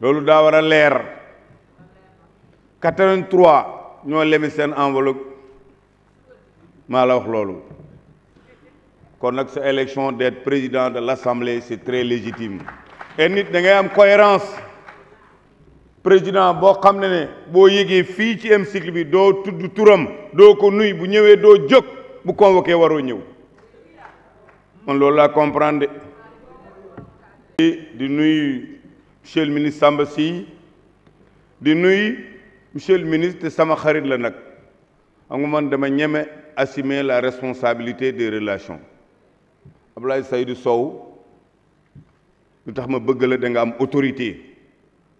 loolu daa war a leer 83 ñoo lemi seen enveloppe maa la wax loolu kon nag sa élection d'être président de l'Assemblée c'est très légitime et nit da ngay am cohérence président boo xam ne ne boo yégee fii ci hémicycle bi doo tudd turam doo ko nuy bu ñëwee doo jóg bu convoqué waroo ñëw man loolu laa comprendre di nuy monsieur le ministre Samba si di nuy monsieur ministre te sama xarit la nag xam man dama ñeme assumer la responsabilité des relations Abdoulaye Seydou Sow lu tax ma bëgg la danga am autorité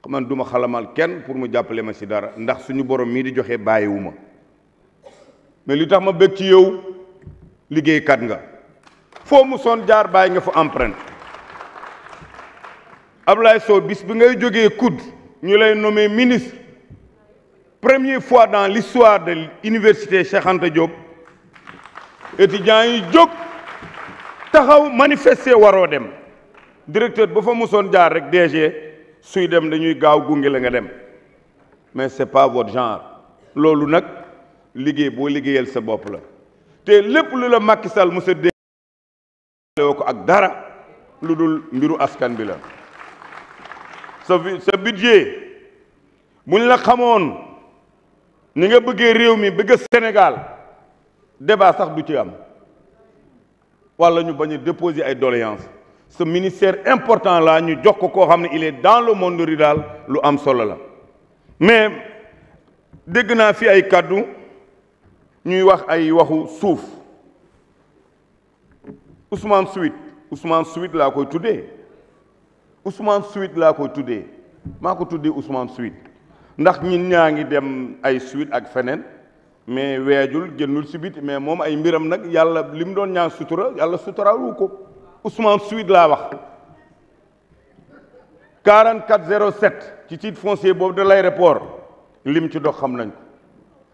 man duma xalamal kenn pour mu jàppale ma si dara ndax suñu borom mii di joxe bàyyiwu ma mais li tax ma bëgg ci yow liggéeykat nga foo mu son bàyyi nga fa empreinte Abdoulaye Sow bis bi ngay jógee kudd ñu lay nomee ministre premier fois dans l'histoire de université Cheikh Anta Diop étudiants yi jóg taxaw manifester waroo dem directeur ba fa mosoon jaar rek DG suy dem dañuy gaaw gunge la nga dem mais c'est pas votre genre loolu nag liggéey boo liggéeyal sa bopp la te lépp lu la Macky Sall mos a dégg ko ak dara lu dul mbiru askan bi la sa sa budget bu ñu la xamoon ni nga bëggee réew mi bëgg Sénégal débat sax du ci am wala ñu bañ déposé ay doléances ce ministère important là ñu jox ko koo xam ne il dans le monde rural lu am solo la mais dégg naa fi ay kàddu ñuy wax ay waxu suuf Ousmane Suite Ousmane Suite laa koy tuddee. Ousmane Suite laa ko tuddee maa ko tuddee Ousmane Suite ndax ñun ñaa ngi dem ay Suite ak feneen mais weejul génnul si biti mais moom ay mbiram nag yàlla li mu doon ñaan sutura yàlla suturaalu ko Ousmane Suite laa wax 4407 ci titre foncier boobu de l'aéroport lim ci dox xam nañ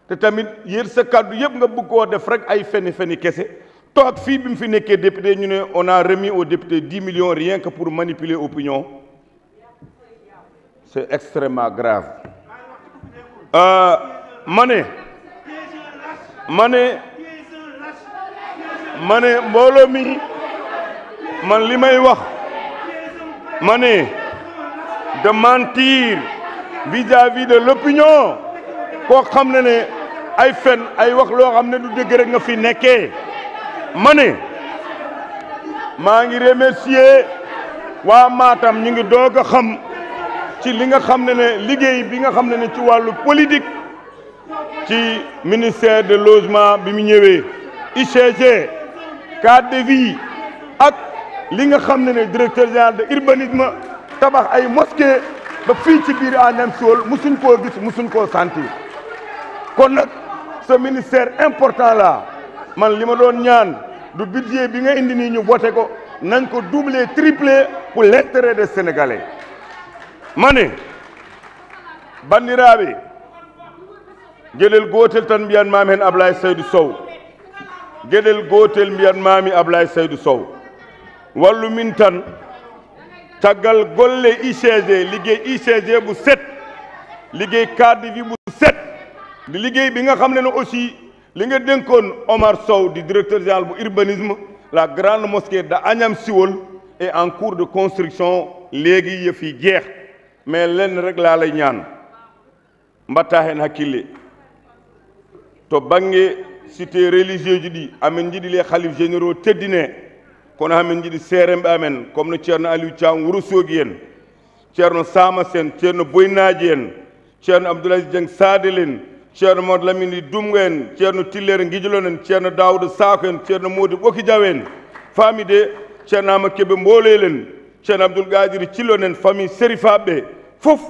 te tamit yéen sa kàddu yëpp nga bëgg koo def rek ay feni feni kese toog fii bi mu fi nekkee député ñu ne on a remis aux députés dix millions rien que pour manipuler opinion c'est extrêmement grave ma mane mane ne ma mi man li may wax mane ne de mentir vis-à-vis de l'opinion koo xam ne ne ay fen ay wax loo xam ne du dëgg nga fi nekkee ma ne maa ngi remercier waa maatam ñu ngi doo a xam ci li nga xam ne ne liggéey bi nga xam ne ne ci wàllu politique ci ministère de logement bi mu ñëwee UCG cadre de vie ak li nga xam ne ne directeur général de urbanisme tabax ay mosquée ba fii ci biir Agnam Siol musuñ koo gis musuñ koo sentir kon nag ce ministère important la man li ma doon ñaan du budget bi nga indi nii ñu voté ko nañ ko doubler tripler pour l'intérêt de Sénégalais ma ne banndiraaɓe geɗel gootel tan mbiyan maami heen Ablaye Saydou Sow geɗel gootel mbiyan maami Ablaye Saydou Sow wallu min tan caggal golle ICG liggéey ICG bu set liggéey cadre de vie bu set di liggéey bi nga xam ne ne aussi li nga dénkoon Omar Sow di directeur général bu urbanisme la grande mosquée de Agnam Siwol est en cours de construction léegi yëf yi jeex mais lenn rek laa lay ñaan mbattaahen hakkille to bange cité religieux ji ɗi amin jiɗi les halif généraux teddine kono hamin jiɗi seeremɓe amen comme no ceerno aliou thiam wourossogui en ceerno samas en ceerno boynaji en ceerno abdoulahi dieng sadel en ceerno Modou Lamine ɗi dumga en ceerno tillere guijolon en ceerno dawdo sako en ceerno modi ɓoki diaw en faamide ceerno ama keɓe mbolel en ceerno abdoul gadiri cillon en famille sérifaɓeɓe foof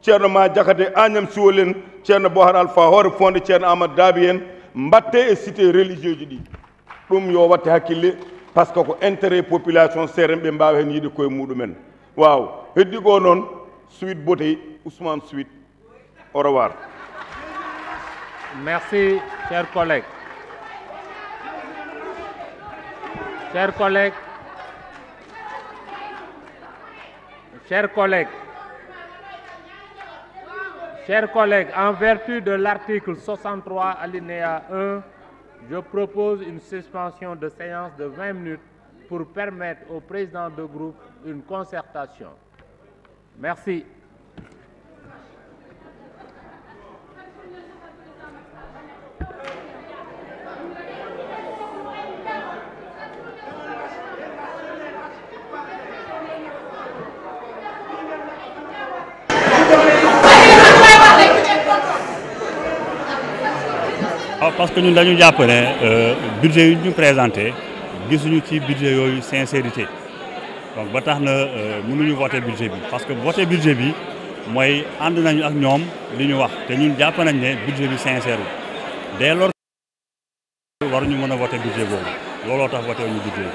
ceerno ma jakate agnam siwol en ceerno bohar alpha hoore fonde ceerno amadou daabi en mbatte e cité religieux ɗi ɗum yo watte hakkille par ce que ko intérêt population sérén ɓe mbawa hen yiiɗi koye muɗumen waaw heddi ko noon suite bote ousmane Merci, chers collègues. Chers collègues, chers collègues, en vertu de l'article 63 alinéa 1, je propose une de séance de pour permettre au président de groupe une concertation. parce que ñun dañu jàpp ne euh, budget yu ñu présenté gisuñu ci budget yooyu sincérité donc ba tax na euh, mënuñu voter budget bi parce que voter budget bi mooy ànd nañu ak ñoom li ñu wax te ñun jàpp nañ ne budget bi sincère dès lors waruñu mën a voter budget boobu looloo tax voter ñu budget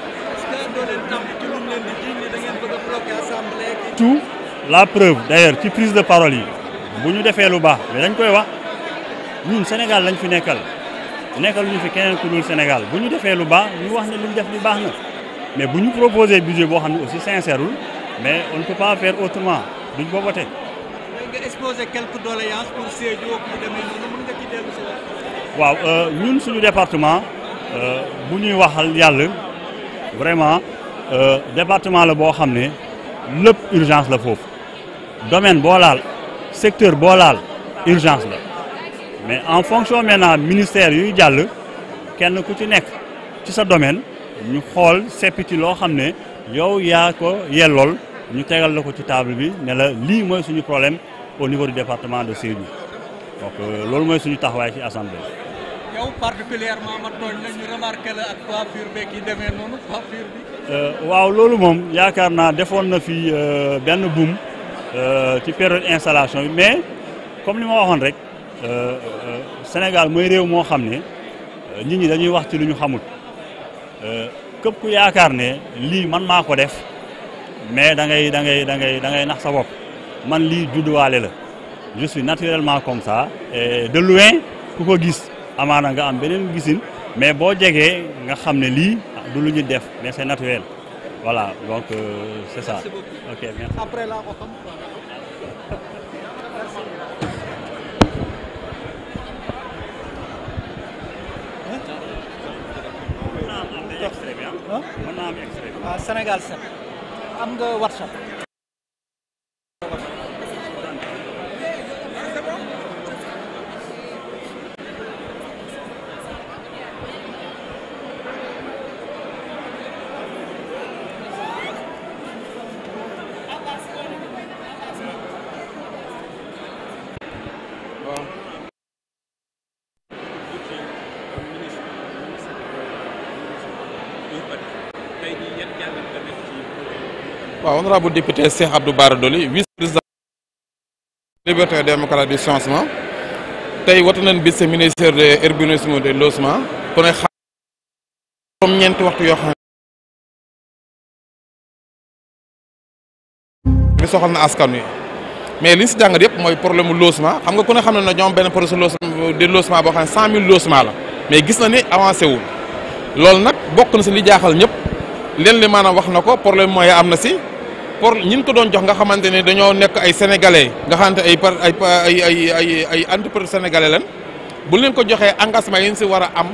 tout la preuve d'ailleurs ci prise de parole yi bu ñu defee lu baax mais dañ koy wax ñun Sénégal lañ fi nekkal nekkal ñu fi keneen ku dul Sénégal bu ñu defee lu baax ñu wax ne lu ñu def lu baax na mais bu ñu proposé budget boo xam ne aussi sincèreul mais on ne peut pas faire autrement duñ ko voté. nga si waaw euh, ñun suñu département euh, bu ñuy waxal yàlla vraiment euh, département la boo xam ne lépp urgence la foofu domaine boo laal secteur boo laal urgence la. mais en fonction maintenant ministère yuy jàll kenn ku ci nekk ci sa domaine ñu xool seppi ci loo xam ne yow yaa ko yellool ñu tegal la ko ci taable bi ne la lii mooy suñu problème au niveau du département de Sédhiou donc euh, loolu mooy suñu taxawaay ci assemblée. yow euh, waaw loolu moom yaakaar naa defoon na fi euh, benn buum ci période installation bi mais comme li ma waxoon rek. Euh, euh, Sénégal mooy réew moo xam ne euh, nit ñi dañuy wax ci lu ñu xamut képp ku yaakaar ne lii man maa ko def mais da ngay da ngay da da ngay nax sa bopp man lii judduwaale la je suis naturellement comme sa et de ku ko gis amaana nga am beneen gisin mais boo jegee nga xam ne lii du lu ñu def mais c'est naturel voilà donc c'est ça mën naa am Sénégal 7 am nga WhatsApp waaw honorable député Cheikh Abdou Bara Dolly vice président liberté démocrate du changement tey wata nañ bis ministère de urbanisme de logement ku ne xam comme ñeenti waxtu yoo xam ne na askan wi mais li si yëpp mooy problème mu logement xam nga ku ne xam ne na ñoom benn projet de logement boo xam ne cent mille logement la mais gis na ni avancé wul loolu nag bokk na si li jaaxal ñëpp leen li maanaam wax na ko problème mooy am na si pour ñin ko doon jox nga xamante ne dañoo nekk ay sénégalais nga xamante ay par ay ay ay ay entreprise sénégalais lan bu leen ko joxee engagement yi si war a am